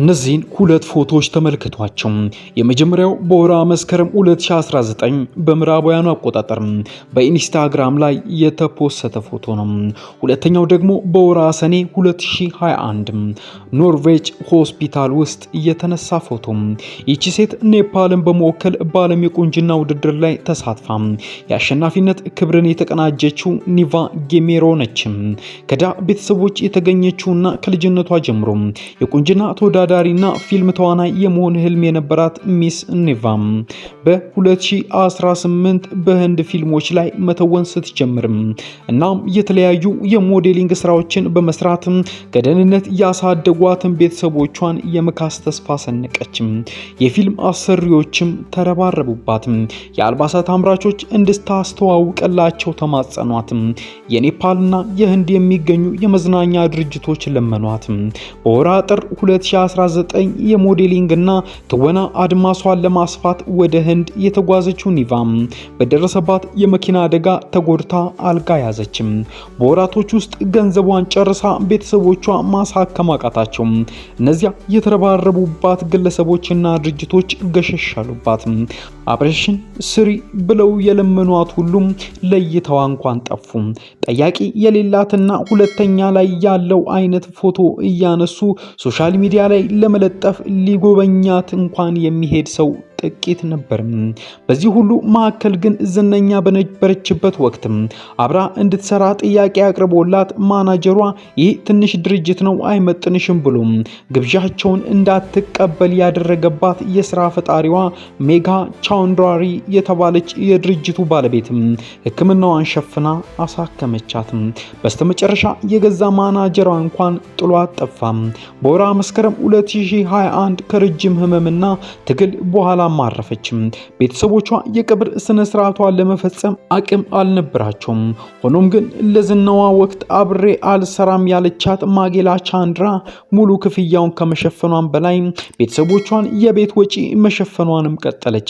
እነዚህን ሁለት ፎቶዎች ተመልክቷቸው። የመጀመሪያው በወራ መስከረም 2019 በምዕራባውያኑ አቆጣጠር በኢንስታግራም ላይ የተፖሰተ ፎቶ ነው። ሁለተኛው ደግሞ በወራ ሰኔ 2021 ኖርዌጅ ሆስፒታል ውስጥ የተነሳ ፎቶ። ይቺ ሴት ኔፓልን በመወከል በዓለም የቁንጅና ውድድር ላይ ተሳትፋ የአሸናፊነት ክብርን የተቀናጀችው ኒቫ ጌሜሮ ነች። ከዳ ቤተሰቦች የተገኘችውና ከልጅነቷ ጀምሮ የቁንጅና ተወዳ ተወዳዳሪና ፊልም ተዋናይ የመሆን ህልም የነበራት ሚስ ኒቫም በ2018 በህንድ ፊልሞች ላይ መተወን ስትጀምርም እናም የተለያዩ የሞዴሊንግ ስራዎችን በመስራት ከደህንነት ያሳደጓትን ቤተሰቦቿን የመካስ ተስፋ ሰነቀችም። የፊልም አሰሪዎችም ተረባረቡባትም። የአልባሳት አምራቾች እንድታስተዋውቀላቸው ተማጸኗትም። የኔፓልና የህንድ የሚገኙ የመዝናኛ ድርጅቶች ለመኗትም። በወራ ጥር 2019 የሞዴሊንግና ትወና አድማሷን ለማስፋት ወደ ህንድ የተጓዘችው ኒቫ በደረሰባት የመኪና አደጋ ተጎድታ አልጋ ያዘችም። በወራቶች ውስጥ ገንዘቧን ጨርሳ ቤተሰቦቿ ማሳከም አቃታቸው። እነዚያ የተረባረቡባት ግለሰቦችና ድርጅቶች ገሸሽ አፕሬሽን ስሪ ብለው የለመኗት ሁሉም ለይተዋ እንኳን ጠፉ። ጠያቂ የሌላትና ሁለተኛ ላይ ያለው አይነት ፎቶ እያነሱ ሶሻል ሚዲያ ላይ ለመለጠፍ ሊጎበኛት እንኳን የሚሄድ ሰው ጥቂት ነበር። በዚህ ሁሉ መካከል ግን ዝነኛ በነበረችበት ወቅት አብራ እንድትሰራ ጥያቄ አቅርቦላት ማናጀሯ ይህ ትንሽ ድርጅት ነው አይመጥንሽም ብሎ ግብዣቸውን እንዳትቀበል ያደረገባት የስራ ፈጣሪዋ ሜጋ ቻውንድራሪ የተባለች የድርጅቱ ባለቤት ሕክምናዋን ሸፍና አሳከመቻት። በስተመጨረሻ የገዛ ማናጀሯ እንኳን ጥሏ ጠፋ። በወራ መስከረም 2021 ከረጅም ህመምና ትግል በኋላ በሰላም አረፈችም። ቤተሰቦቿ የቀብር ስነ ስርዓቷን ለመፈጸም አቅም አልነበራቸውም። ሆኖም ግን ለዝናዋ ወቅት አብሬ አልሰራም ያለቻት ማጌላ ቻንድራ ሙሉ ክፍያውን ከመሸፈኗን በላይ ቤተሰቦቿን የቤት ወጪ መሸፈኗንም ቀጠለች።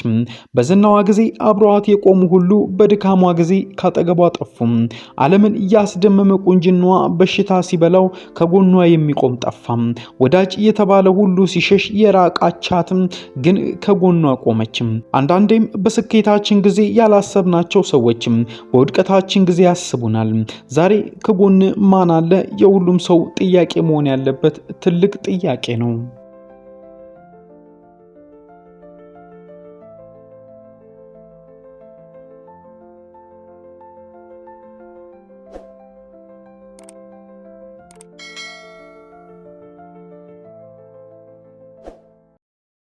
በዝናዋ ጊዜ አብረዋት የቆሙ ሁሉ በድካሟ ጊዜ ካጠገቧ ጠፉም። ዓለምን ያስደመመ ቁንጅናዋ በሽታ ሲበላው ከጎኗ የሚቆም ጠፋም። ወዳጅ የተባለ ሁሉ ሲሸሽ የራቃቻትም ግን ከጎኗ መሆኗ ቆመችም። አንዳንዴም በስኬታችን ጊዜ ያላሰብናቸው ሰዎችም በውድቀታችን ጊዜ ያስቡናል። ዛሬ ከጎን ማን አለ? የሁሉም ሰው ጥያቄ መሆን ያለበት ትልቅ ጥያቄ ነው።